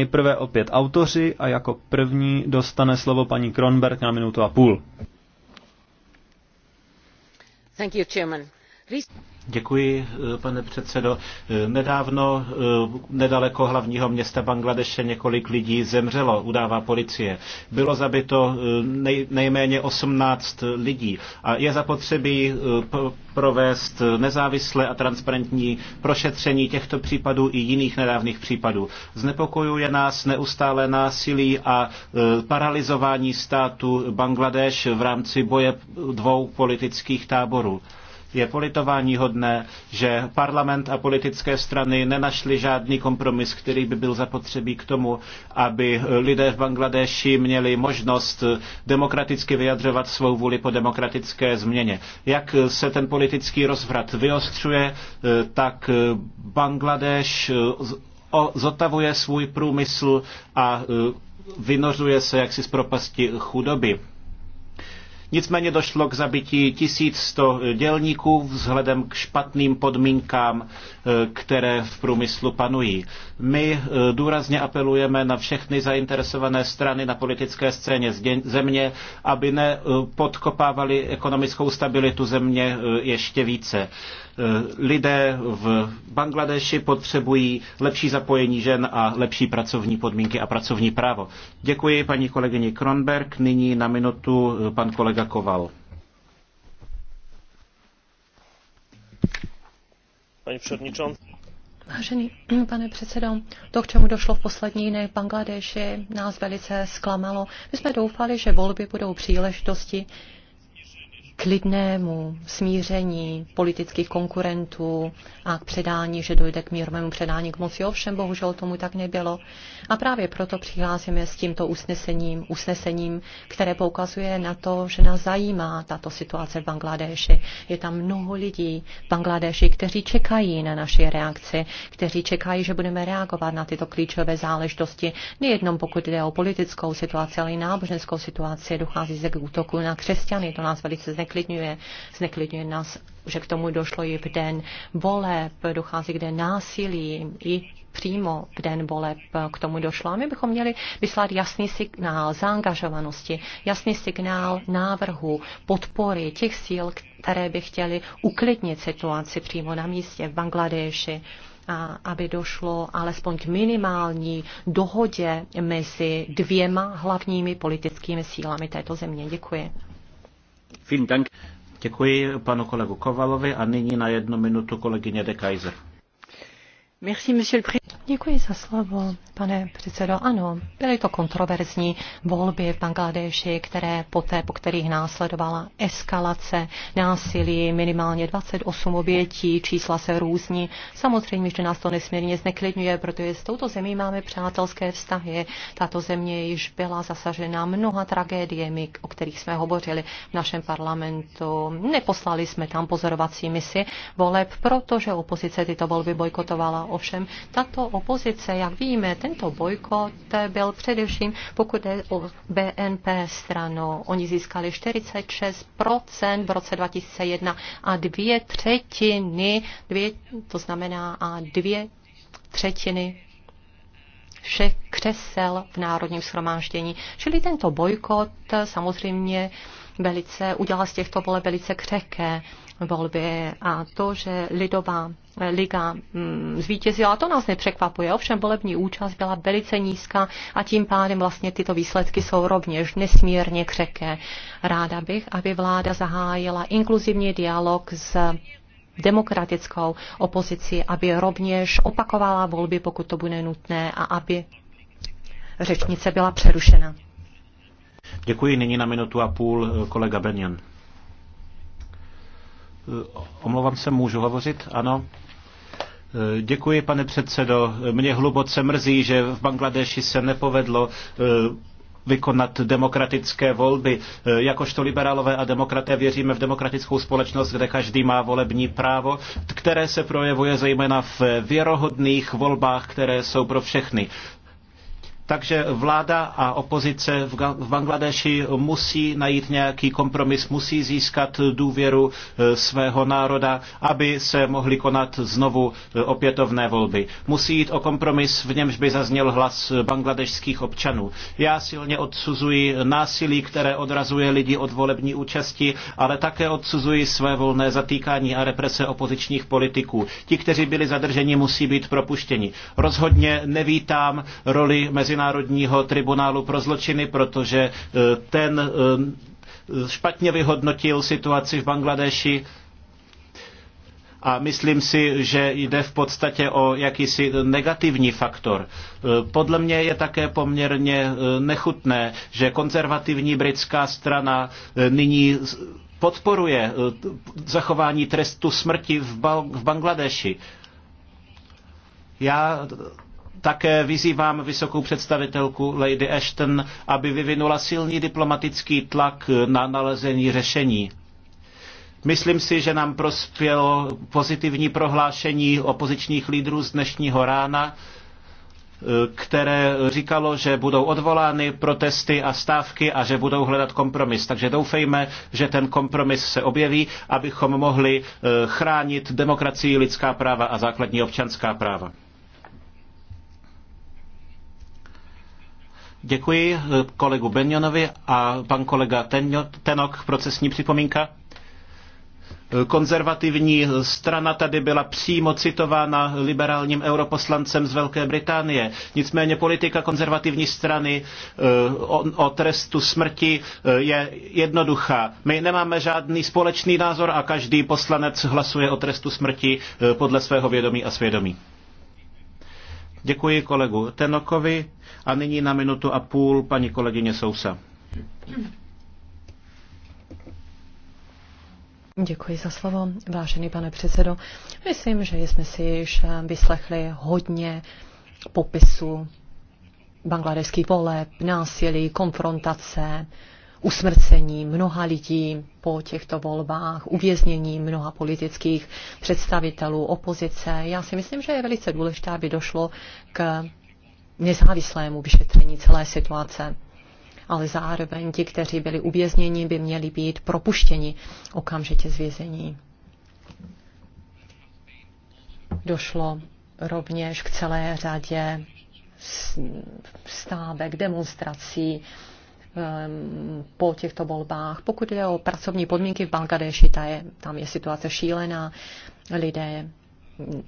Nejprve opět autoři a jako první dostane slovo paní Kronberg na minutu a půl. Thank you, chairman. Děkuji, eh, pane předsedo. Eh, nedávno eh, nedaleko hlavního města Bangladeše několik lidí zemřelo, udává policie. Bylo zabito nej, nejméně 18 lidí a je zapotřebí provést nezávislé a transparentní prošetření těchto případů i jiných nedávných případů. Znepokojuje nás neustále násilí a paralizování státu Bangladeš v rámci boje dvou politických táborů. Je politování hodné, že parlament a politické strany nenašly žádný kompromis, který by byl zapotřebí k tomu, aby lidé v Bangladeši měli možnost demokraticky vyjadřovat svou vůli po demokratické změně. Jak se ten politický rozvrat vyostřuje, tak Bangladeš zotavuje svůj průmysl a vynořuje se jaksi z propasti chudoby. Nicméně došlo k zabití 1100 dělníků vzhledem k špatným podmínkám, eh, které v průmyslu panují. My eh, důrazně apelujeme na všechny zainteresované strany na politické scéně země, aby nepodkopávali eh, ekonomickou stabilitu země ještě více. Eh, lidé v Bangladeši potřebují lepší zapojení žen a lepší pracovní podmínky a pracovní právo. Děkuji paní kolegyni Kronberg. Nyní na minutu eh, pan kolega Koval. Paní předničanci. Vážený hm, pane předsedo, to, k čemu došlo v poslední dny v Bangladeši, nás velice zklamalo. My jsme doufali, že volby budou příležitosti klidnému smíření politických konkurentů a k předání, že dojde k mírovému předání k moci. Ovšem, bohužel tomu tak nebylo. A právě proto přicházíme s tímto usnesením, usnesením, které poukazuje na to, že nás zajímá tato situace v Bangladeši. Je tam mnoho lidí v Bangladeši, kteří čekají na naše reakci, kteří čekají, že budeme reagovat na tyto klíčové záležitosti, Nejednou pokud jde o politickou situaci, ale i náboženskou situaci. Dochází se k útoku na křesťany, to nás velice zneklidňuje. Zneklidňuje nás, že k tomu došlo i v den voleb, dochází k den násilí, i přímo v den voleb k tomu došlo. A my bychom měli vyslat jasný signál zaangažovanosti, jasný signál návrhu, podpory těch síl, které by chtěly uklidnit situaci přímo na místě v Bangladeši a aby došlo alespoň k minimální dohodě mezi dvěma hlavními politickými sílami této země. Děkuji. Děkuji panu kolegu Kovalovi a nyní na jednu minutu kolegyně De Kaiser. Děkuji za slovo, pane předsedo. Ano, byly to kontroverzní volby v Bangladeši, které poté, po kterých následovala eskalace násilí, minimálně 28 obětí, čísla se různí. Samozřejmě, že nás to nesmírně zneklidňuje, protože s touto zemí máme přátelské vztahy. Tato země již byla zasažena mnoha tragédiemi, o kterých jsme hovořili v našem parlamentu. Neposlali jsme tam pozorovací misi voleb, protože opozice tyto volby bojkotovala Ovšem tato opozice, jak víme, tento bojkot byl především, pokud je o BNP stranu. Oni získali 46% v roce 2001 a dvě třetiny, dvě, to znamená a dvě třetiny všech křesel v národním schromáždění. Čili tento bojkot samozřejmě velice, udělala z těchto voleb velice křehké volby a to, že Lidová eh, liga mm, zvítězila, to nás nepřekvapuje. Ovšem volební účast byla velice nízká a tím pádem vlastně tyto výsledky jsou rovněž nesmírně křehké. Ráda bych, aby vláda zahájila inkluzivní dialog s demokratickou opozici, aby rovněž opakovala volby, pokud to bude nutné, a aby řečnice byla přerušena. Děkuji. Nyní na minutu a půl eh, kolega Benjen. Eh, omlouvám se, můžu hovořit? Ano. Eh, děkuji, pane předsedo. Mě hluboce mrzí, že v Bangladeši se nepovedlo vykonat demokratické volby. Jakožto liberálové a demokraté věříme v demokratickou společnost, kde každý má volební právo, které se projevuje zejména v věrohodných volbách, které jsou pro všechny. Takže vláda a opozice v Bangladeši musí najít nějaký kompromis, musí získat důvěru eh, svého národa, aby se mohly konat znovu eh, opětovné volby. Musí jít o kompromis, v němž by zazněl hlas bangladešských občanů. Já silně odsuzuji násilí, které odrazuje lidi od volební účasti, ale také odsuzuji své volné zatýkání a represe opozičních politiků. Ti, kteří byli zadrženi, musí být propuštěni. Rozhodně nevítám roli mezinárodní Mezinárodního tribunálu pro zločiny, protože e, ten e, špatně vyhodnotil situaci v Bangladeši a myslím si, že jde v podstatě o jakýsi negativní faktor. E, podle mě je také poměrně nechutné, že konzervativní britská strana nyní podporuje zachování trestu smrti v, ba- Bangladeši. Já také vyzývám vysokou představitelku Lady Ashton, aby vyvinula silný diplomatický tlak na nalezení řešení. Myslím si, že nám prospělo pozitivní prohlášení opozičních lídrů z dnešního rána, které říkalo, že budou odvolány protesty a stávky a že budou hledat kompromis. Takže doufejme, že ten kompromis se objeví, abychom mohli eh, chránit demokracii, lidská práva a základní občanská práva. Děkuji eh, kolegu Benjonovi a pan kolega Tenok, procesní připomínka. Eh, konzervativní strana tady byla přímo citována liberálním europoslancem z Velké Británie. Nicméně politika konzervativní strany eh, o, o trestu smrti je jednoduchá. My nemáme žádný společný názor a každý poslanec hlasuje o trestu smrti podle svého vědomí a svědomí. Děkuji kolegu Tenokovi a nyní na minutu a půl paní kolegyně Sousa. Děkuji za slovo, vážený pane předsedo. Myslím, že jsme si již vyslechli hodně popisu bangladeských voleb, násilí, konfrontace, usmrcení mnoha lidí po těchto volbách, uvěznění mnoha politických představitelů, opozice. Já si myslím, že je velice důležité, aby došlo k nezávislému vyšetření celé situace. Ale zároveň ti, kteří byli uvězněni, by měli být propuštěni okamžitě z vězení. Došlo rovněž k celé řadě stávek, demonstrací, Ehm, po těchto volbách. Pokud jde o pracovní podmínky v Bangladeši, ta je, tam je situace šílená. Lidé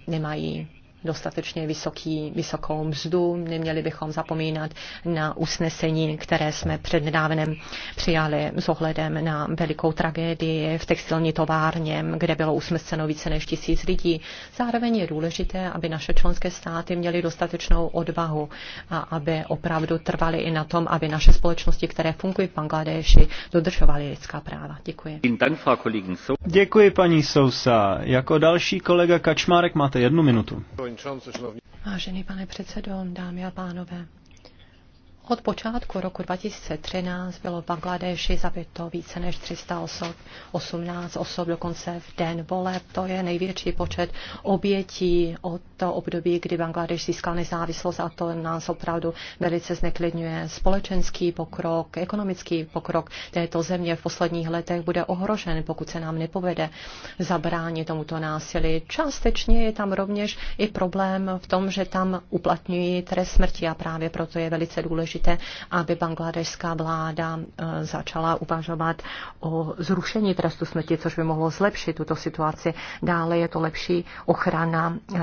nemají dostatečně vysoký, vysokou mzdu. Neměli bychom zapomínat na usnesení, které jsme před nedávnem přijali s ohledem na velikou tragédii v textilní továrně, kde bylo usmrceno více než tisíc lidí. Zároveň je důležité, aby naše členské státy měly dostatečnou odvahu a aby opravdu trvali i na tom, aby naše společnosti, které fungují v Bangladeši, dodržovaly lidská práva. Děkuji. Děkuji paní Sousa. Jako další kolega Kačmárek máte jednu minutu. Vážený pane předsedo, dámy a pánové. Od počátku roku 2013 bylo v Bangladeši zabito více než 300 osob, 18 osob dokonce v den voleb. To je největší počet obětí od období, kdy Bangladeš získal nezávislost a to nás opravdu velice zneklidňuje. Společenský pokrok, ekonomický pokrok této země v posledních letech bude ohrožen, pokud se nám nepovede zabránit tomuto násilí. Částečně je tam rovněž i problém v tom, že tam uplatňují trest smrti a právě proto je velice důležité důležité, aby bangladešská vláda eh, začala uvažovat o zrušení trestu smrti, což by mohlo zlepšit tuto situaci. Dále je to lepší ochrana eh,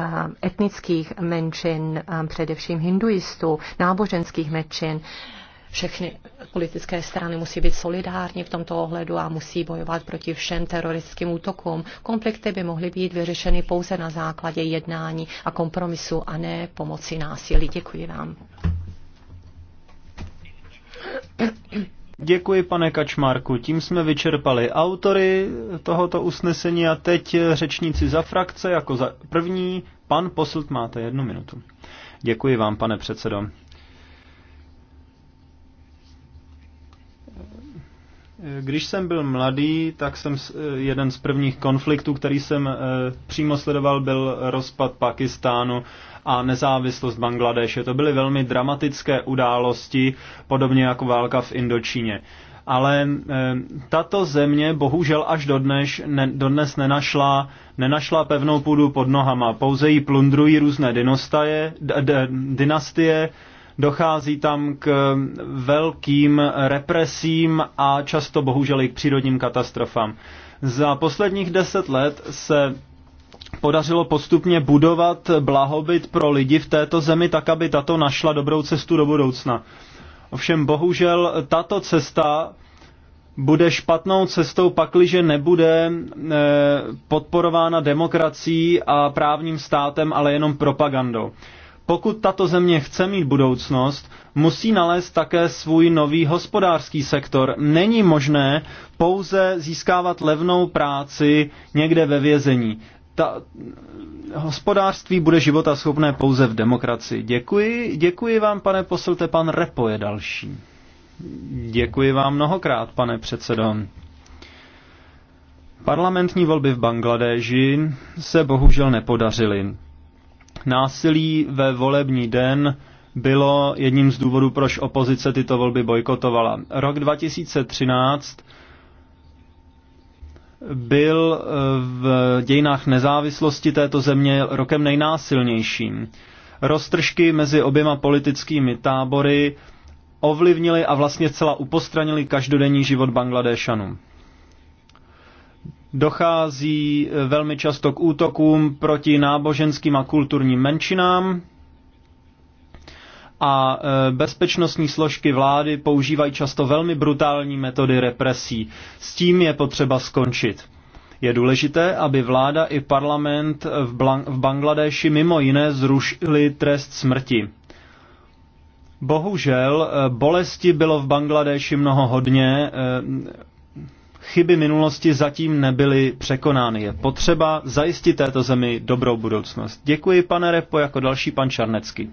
etnických menšin, eh, především hinduistů, náboženských menšin všechny politické strany musí být solidární v tomto ohledu a musí bojovat proti všem teroristickým útokům. Konflikty by mohly být vyřešeny pouze na základě jednání a kompromisu a ne pomocí násilí. Děkuji vám. Děkuji, pane Kačmarku. Tím jsme vyčerpali autory tohoto usnesení a teď řečníci za frakce jako za první. Pan Posilt máte jednu minutu. Děkuji vám, pane předsedo. Když jsem byl mladý, tak jsem eh, jeden z prvních konfliktů, který jsem eh, přímo sledoval, byl rozpad Pakistánu a nezávislost Bangladeše. To byly velmi dramatické události, podobně jako válka v Indočíně. Ale eh, tato země bohužel až dodneš, ne, dodnes nenašla, nenašla pevnou půdu pod nohama. Pouze ji plundrují různé dynastie, d, d, dynastie Dochází tam k velkým represím a často bohužel i k přírodním katastrofám. Za posledních deset let se podařilo postupně budovat blahobyt pro lidi v této zemi tak, aby tato našla dobrou cestu do budoucna. Ovšem bohužel tato cesta bude špatnou cestou pakliže nebude e, podporována demokracií a právním státem, ale jenom propagandou. Pokud tato země chce mít budoucnost, musí nalézt také svůj nový hospodářský sektor. Není možné pouze získávat levnou práci někde ve vězení. Ta, hospodářství bude života schopné pouze v demokracii. Děkuji, děkuji vám, pane poslte, pan Repo je další. Děkuji vám mnohokrát, pane předsedo. Parlamentní volby v Bangladeži se bohužel nepodařily. Násilí ve volební den bylo jedním z důvodů, proč opozice tyto volby bojkotovala. Rok 2013 byl eh, v dějinách nezávislosti této země rokem nejnásilnějším. Roztržky mezi oběma politickými tábory ovlivnily a vlastně celá upostranili každodenní život Bangladešanům. Dochází eh, velmi často k útokům proti náboženským a kulturním menšinám a eh, bezpečnostní složky vlády používají často velmi brutální metody represí. S tím je potřeba skončit. Je důležité, aby vláda i parlament v, v Bangladeši mimo jiné zrušili trest smrti. Bohužel, eh, bolesti bylo v Bangladeši mnoho hodně, Chyby minulosti zatím nebyly překonány. Je potřeba zajistit této zemi dobrou budoucnost. Děkuji, pane Repo, jako další pan Čarnecký.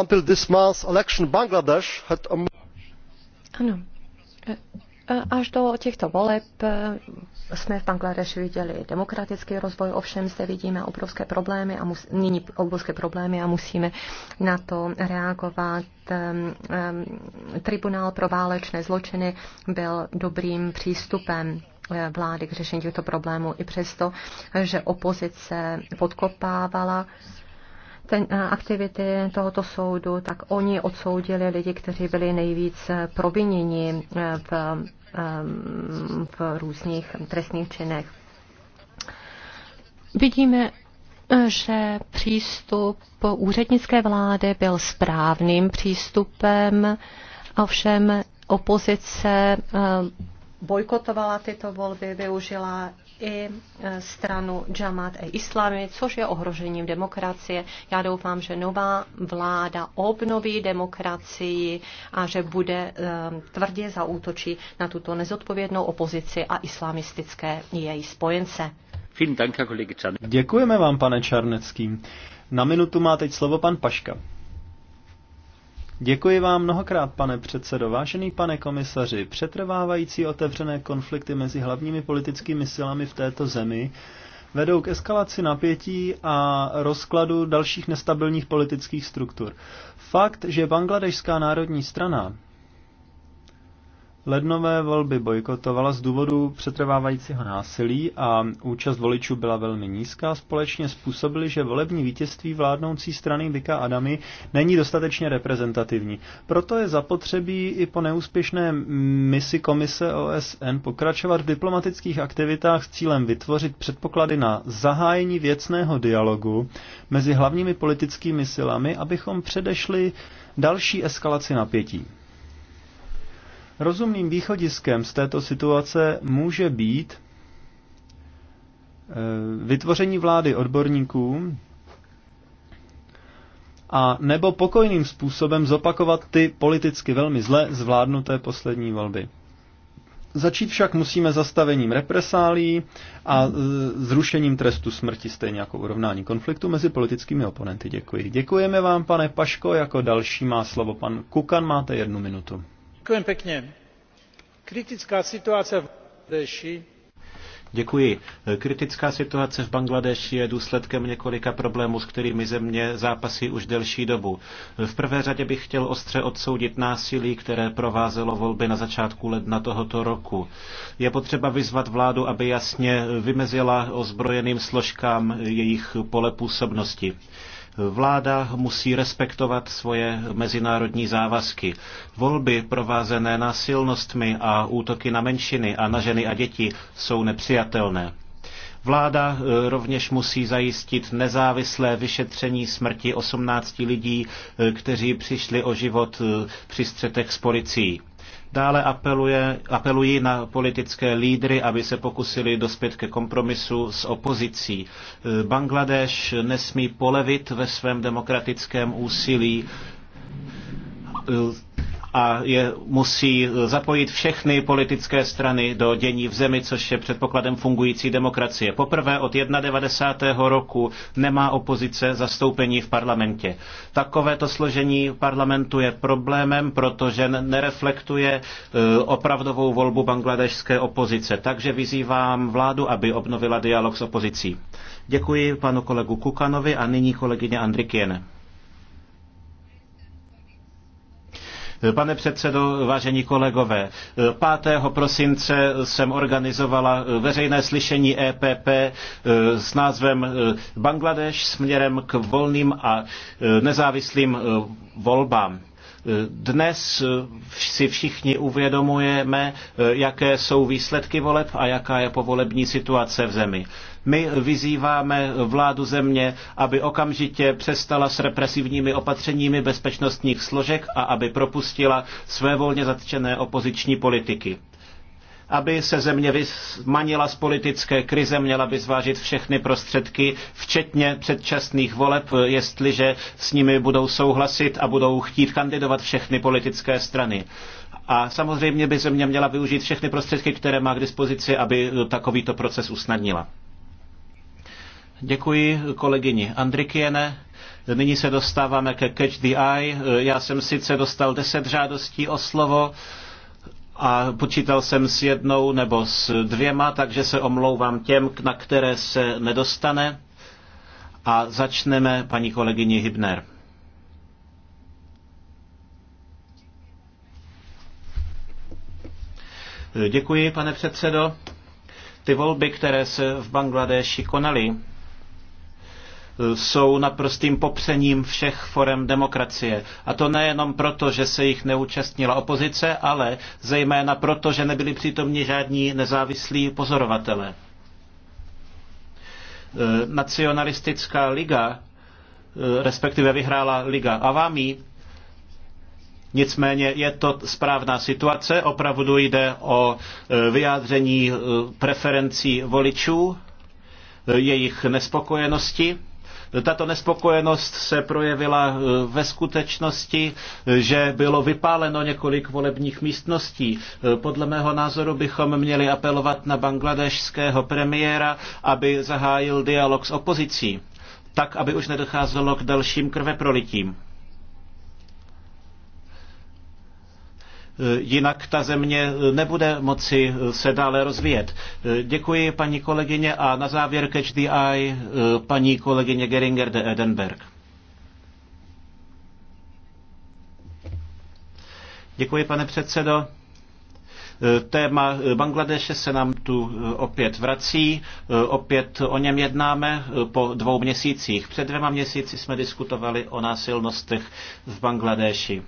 Until this month's election, Bangladesh had a... Ano. Až do těchto voleb eh, jsme v Bangladeši viděli demokratický rozvoj, ovšem zde vidíme obrovské problémy a mus, nyní obrovské problémy a musíme na to reagovat. Ehm, ehm, Tribunál pro válečné zločiny byl dobrým přístupem eh, vlády k řešení těchto problémů i přesto, že opozice podkopávala ten, eh, aktivity tohoto soudu, tak oni odsoudili lidi, kteří byli nejvíc eh, provinění eh, v, v různých trestných činech. Vidíme, že přístup úřednické vlády byl správným přístupem, ovšem opozice bojkotovala tyto volby, využila i e, stranu Jamaat e Islami, což je ohrožením demokracie. Já doufám, že nová vláda obnoví demokracii a že bude e, tvrdě zaútočí na tuto nezodpovědnou opozici a islamistické její spojence. Děkujeme vám, pane Čarnecký. Na minutu má teď slovo pan Paška. Děkuji vám mnohokrát, pane předsedo. Vážený pane komisaři, přetrvávající otevřené konflikty mezi hlavními politickými silami v této zemi vedou k eskalaci napětí a rozkladu dalších nestabilních politických struktur. Fakt, že Bangladešská národní strana Lednové volby bojkotovala z důvodu přetrvávajícího násilí a účast voličů byla velmi nízká. Společně způsobili, že volební vítězství vládnoucí strany Vika Adamy není dostatečně reprezentativní. Proto je zapotřebí i po neúspěšné misi komise OSN pokračovat v diplomatických aktivitách s cílem vytvořit předpoklady na zahájení věcného dialogu mezi hlavními politickými silami, abychom předešli další eskalaci napětí. Rozumným východiskem z této situace může být eh, vytvoření vlády odborníků a nebo pokojným způsobem zopakovat ty politicky velmi zle zvládnuté poslední volby. Začít však musíme zastavením represálí a eh, zrušením trestu smrti, stejně jako urovnání konfliktu mezi politickými oponenty. Děkuji. Děkujeme vám, pane Paško. Jako další má slovo pan Kukan. Máte jednu minutu kritická situace v bangladéši Děkuji. Kritická situace v je důsledkem několika problémů, s kterými země zápasí už delší dobu. V prvé řadě bych chtěl ostře odsoudit násilí, které provázelo volby na začátku ledna tohoto roku. Je potřeba vyzvat vládu, aby jasně vymezila ozbrojeným složkám jejich pole působnosti. Vláda musí respektovat svoje mezinárodní závazky. Volby provázené násilnostmi a útoky na menšiny a na ženy a děti jsou nepřijatelné. Vláda eh, rovněž musí zajistit nezávislé vyšetření smrti 18 lidí, eh, kteří přišli o život eh, při střetech s policií. Dále apeluje, apelují na politické lídry, aby se pokusili dospět ke kompromisu s opozicí. Bangladeš nesmí polevit ve svém demokratickém úsilí a je, musí zapojit všechny politické strany do dění v zemi, což je předpokladem fungující demokracie. Poprvé od 91. roku nemá opozice zastoupení v parlamentě. Takovéto složení parlamentu je problémem, protože nereflektuje e, opravdovou volbu bangladešské opozice. Takže vyzývám vládu, aby obnovila dialog s opozicí. Děkuji panu kolegu Kukanovi a nyní kolegyně Andrikiene. Pane předsedo, vážení kolegové, 5. prosince jsem organizovala veřejné slyšení EPP eh, s názvem eh, Bangladeš směrem k volným a eh, nezávislým volbám. Dnes eh, si všichni uvědomujeme, eh, jaké jsou výsledky voleb a jaká je povolební situace v zemi. My vyzýváme vládu země, aby okamžitě přestala s represivními opatřeními bezpečnostních složek a aby propustila své volně zatčené opoziční politiky. Aby se země vymanila z politické krize, měla by zvážit všechny prostředky, včetně předčasných voleb, jestliže s nimi budou souhlasit a budou chtít kandidovat všechny politické strany. A samozřejmě by země měla využít všechny prostředky, které má k dispozici, aby takovýto proces usnadnila. Děkuji kolegyni Andrikiene. Nyní se dostáváme ke Catch the Eye. Já jsem sice dostal deset žádostí o slovo, a počítal jsem s jednou nebo s dvěma, takže se omlouvám těm, na které se nedostane. A začneme paní kolegyni Hybner. Děkuji, pane předsedo. Ty volby, které se v Bangladeši konaly, Eh, jsou naprostým popřením všech forem demokracie. A to nejenom proto, že se jich neúčastnila opozice, ale zejména proto, že nebyli přítomni žádní nezávislí pozorovatelé. Eh, nacionalistická liga, eh, respektive vyhrála liga Avami, Nicméně je to správná situace, opravdu jde o vyjádření preferencí voličů, jejich nespokojenosti tato nespokojenost se projevila eh, ve skutečnosti, eh, že bylo vypáleno několik volebních místností. Eh, podle mého názoru bychom měli apelovat na bangladešského premiéra, aby zahájil dialog s opozicí, tak aby už nedocházelo k dalším krveprolitím. Eh, jinak ta země eh, nebude moci eh, se dále rozvíjet. Děkuji paní kolegyně a na závěr catch the eye paní kolegyně Geringer de Edenberg. Děkuji, pane předsedo. Téma Bangladeše se nám tu opět vrací, opět o něm jednáme po dvou měsících. Před dvěma měsíci jsme diskutovali o násilnostech v Bangladeši.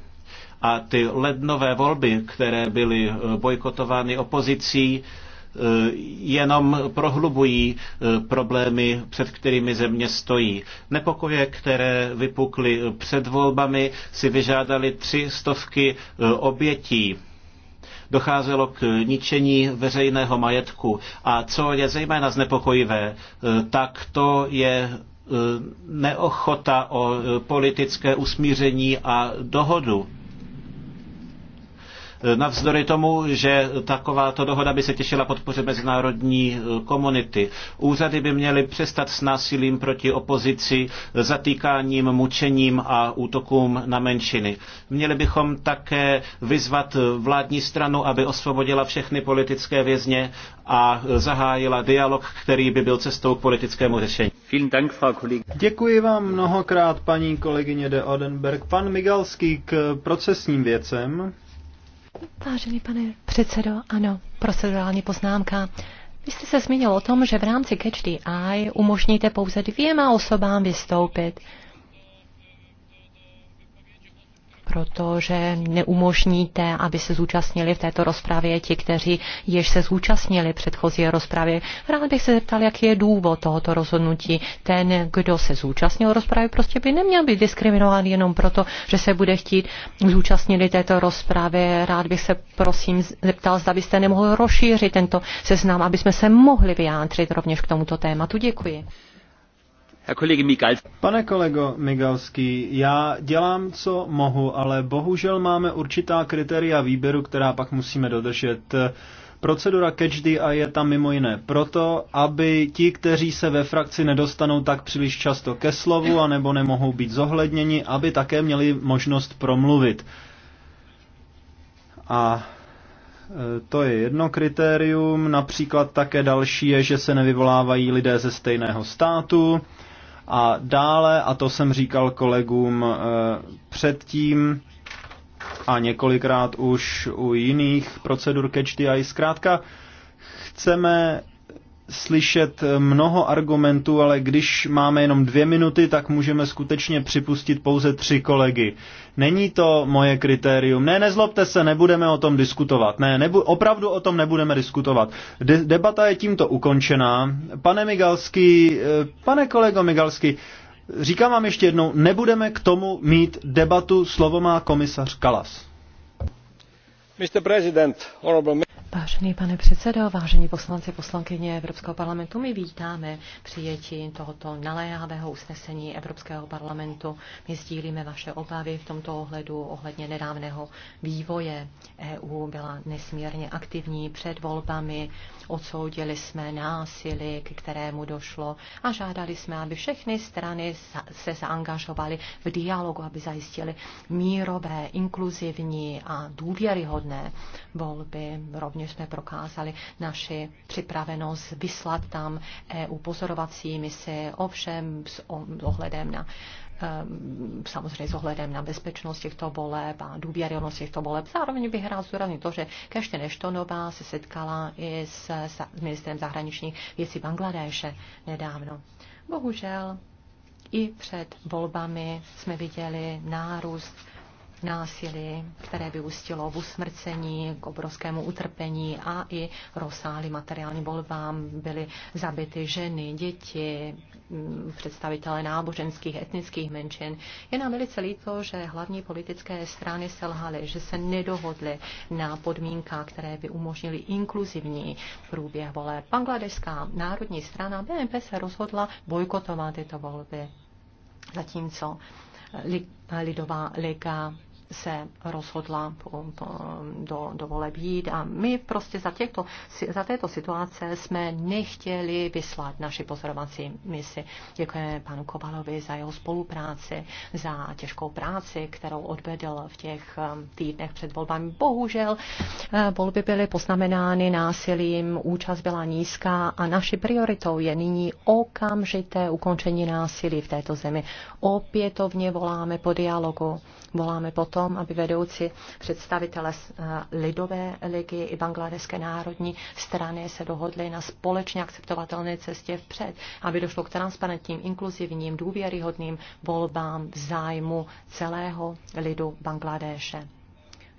A ty lednové volby, které byly eh, bojkotovány opozicí, eh, jenom prohlubují eh, problémy, před kterými země stojí. Nepokoje, které vypukly před volbami, si vyžádaly tři stovky obětí docházelo k ničení veřejného majetku. A co je zejména znepokojivé, tak to je neochota o politické usmíření a dohodu Navzdory tomu, že takováto dohoda by se těšila podpoře mezinárodní e, komunity. Úřady by měly přestat s násilím proti opozici, zatýkáním, mučením a útokům na menšiny. Měli bychom také vyzvat vládní stranu, aby osvobodila všechny politické vězně a zahájila dialog, který by byl cestou k politickému řešení. Děkuji vám mnohokrát, paní kolegyně de Odenberg. Pan Migalský k procesním věcem. Vážený pane předsedo, ano, procedurální poznámka. Vy jste se zmínil o tom, že v rámci Catch the Eye umožníte pouze dvěma osobám vystoupit protože neumožníte, aby se zúčastnili v této rozpravě ti, kteří již se zúčastnili předchozí rozpravě. Rád bych se zeptal, jaký je důvod tohoto rozhodnutí. Ten, kdo se zúčastnil rozpravy, prostě by neměl být diskriminován jenom proto, že se bude chtít zúčastnit této rozpravy. Rád bych se prosím zeptal, zda byste nemohl rozšířit tento seznam, aby jsme se mohli vyjádřit rovněž k tomuto tématu. Děkuji. Pane kolego Migalský, já dělám, co mohu, ale bohužel máme určitá kritéria výběru, která pak musíme dodržet. Procedura Catch the Eye je tam mimo jiné proto, aby ti, kteří se ve frakci nedostanou tak příliš často ke slovu a nebo nemohou být zohledněni, aby také měli možnost promluvit. A e, to je jedno kritérium, například také další je, že se nevyvolávají lidé ze stejného státu, a dále, a to jsem říkal kolegům eh, předtím a několikrát už u jiných procedur catch the eye, zkrátka chceme slyšet mnoho argumentů, ale když máme jenom dvě minuty, tak můžeme skutečně připustit pouze tři kolegy. Není to moje kritérium. Ne, nezlobte se, nebudeme o tom diskutovat. Ne, nebu- opravdu o tom nebudeme diskutovat. De- debata je tímto ukončená. Pane Migalský, eh, pane kolego Migalský, říkám vám ještě jednou, nebudeme k tomu mít debatu, slovo má komisař Kalas. Mr. President, honorable Vážený pane předsedo, vážení poslanci, poslankyně Evropského parlamentu, my vítáme přijetí tohoto naléhavého usnesení Evropského parlamentu. My sdílíme vaše obavy v tomto ohledu ohledně nedávného vývoje. EU byla nesmírně aktivní před volbami, odsoudili jsme násilí, k kterému došlo a žádali jsme, aby všechny strany se zaangažovaly v dialogu, aby zajistili mírové, inkluzivní a důvěryhodné volby. Rovně samozřejmě jsme prokázali naši připravenost vyslat tam EU pozorovací misi, ovšem s ohledem na ehm, samozřejmě s ohledem na bezpečnost těchto voleb a důvěryhodnost těchto voleb. Zároveň bych rád zdůraznil to, že Keště Neštonová se setkala i s, s ministrem zahraničních věcí Bangladéše nedávno. Bohužel i před volbami jsme viděli nárůst násilí, které vyústilo v usmrcení, k obrovskému utrpení a i rozsáhlým materiálním volbám byly zabity ženy, děti, mm, představitelé náboženských, etnických menšin. Je nám velice líto, že hlavní politické strany selhaly, že se nedohodly na podmínkách, které by umožnily inkluzivní průběh voleb. Bangladeská národní strana BNP se rozhodla bojkotovat tyto volby. Zatímco Lidová léka se rozhodla po, po, do, do voleb jít a my prostě za, těchto, za této situace jsme nechtěli vyslat naši pozorovací misi. Děkujeme panu Kovalovi za jeho spolupráci, za těžkou práci, kterou odvedl v těch um, týdnech před volbami. Bohužel uh, volby byly poznamenány násilím, účast byla nízká a naši prioritou je nyní okamžité ukončení násilí v této zemi. Opětovně voláme po dialogu, voláme po tom, tom, aby vedoucí představitele eh, Lidové ligy i Bangladeské národní strany se dohodli na společně akceptovatelné cestě vpřed, aby došlo k transparentním, inkluzivním, důvěryhodným volbám v zájmu celého lidu Bangladéše.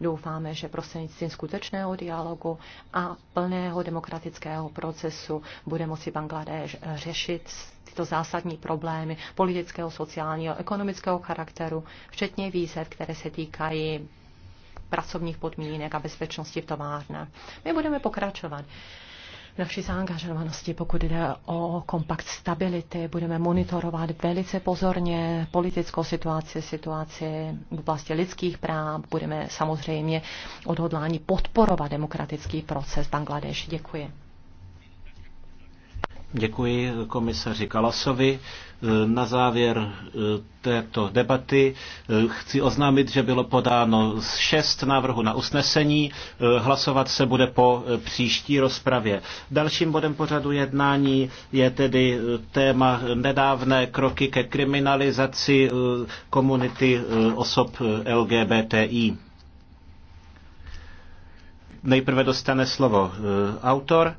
Doufáme, že prostřednictvím skutečného dialogu a plného demokratického procesu bude moci Bangladéš řešit tyto zásadní problémy politického, sociálního, ekonomického charakteru, včetně výzev, které se týkají pracovních podmínek a bezpečnosti v továrně. My budeme pokračovat naší zaangažovanosti, pokud jde o kompakt stability. Budeme monitorovat velice pozorně politickou situaci, situaci v oblasti lidských práv. Budeme samozřejmě odhodlání podporovat demokratický proces Bangladeš. Děkuji. Děkuji komisaři Kalasovi. Eh, na závěr eh, této debaty eh, chci oznámit, že bylo podáno šest návrhů na usnesení. Hlasovat se bude po příští rozpravě. Dalším bodem pořadu jednání je tedy téma nedávné kroky ke kriminalizaci komunity osob LGBTI. Nejprve dostane slovo autor